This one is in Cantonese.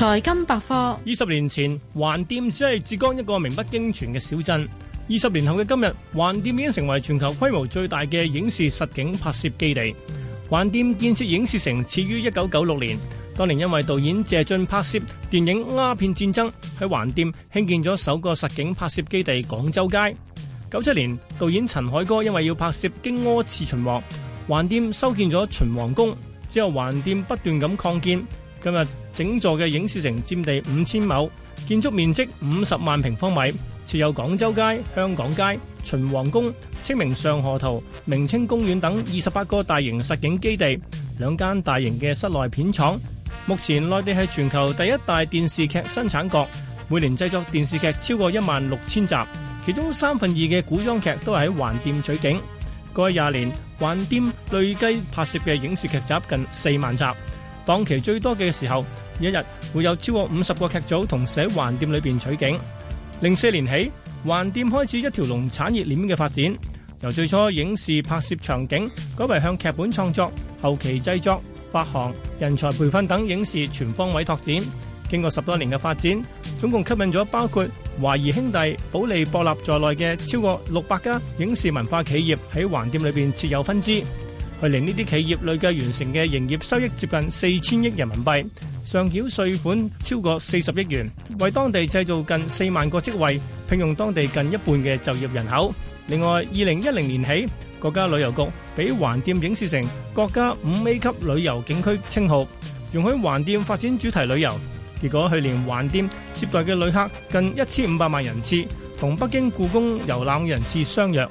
財金百科。二十年前，橫店只係浙江一個名不經傳嘅小鎮。二十年後嘅今日，橫店已經成為全球規模最大嘅影視實景拍攝基地。橫店建設影視城始於一九九六年，當年因為導演謝晉拍攝電影《鴉片戰爭》，喺橫店興建咗首個實景拍攝基地廣州街。九七年，導演陳凱歌因為要拍攝《荊軻刺秦王》，橫店修建咗秦王宮。之後，橫店不斷咁擴建。今日整座嘅影視城占地五千畝，建築面積五十萬平方米，設有廣州街、香港街、秦王宮、清明上河圖、明清公園等二十八個大型實景基地，兩間大型嘅室內片廠。目前內地係全球第一大電視劇生產國，每年製作電視劇超過一萬六千集，其中三分二嘅古裝劇都係喺橫店取景。過去廿年，橫店累計拍攝嘅影視劇集近四萬集。檔期最多嘅時候，一日會有超過五十個劇組同時橫店裏邊取景。零四年起，橫店開始一條龍產業鏈嘅發展，由最初影視拍攝場景改為向劇本創作、後期製作、發行、人才培訓等影視全方位拓展。經過十多年嘅發展，總共吸引咗包括華誼兄弟、保利博納在內嘅超過六百家影視文化企業喺橫店裏邊設有分支。去年呢啲企業累計完成嘅營業收益接近四千億人民幣，上繳稅款超過四十億元，為當地製造近四萬個職位，聘用當地近一半嘅就業人口。另外，二零一零年起，國家旅遊局俾橫店影視城國家五 A 級旅遊景區稱號，容許橫店發展主題旅遊。結果去年橫店接待嘅旅客近一千五百萬人次，同北京故宮遊覽人次相若。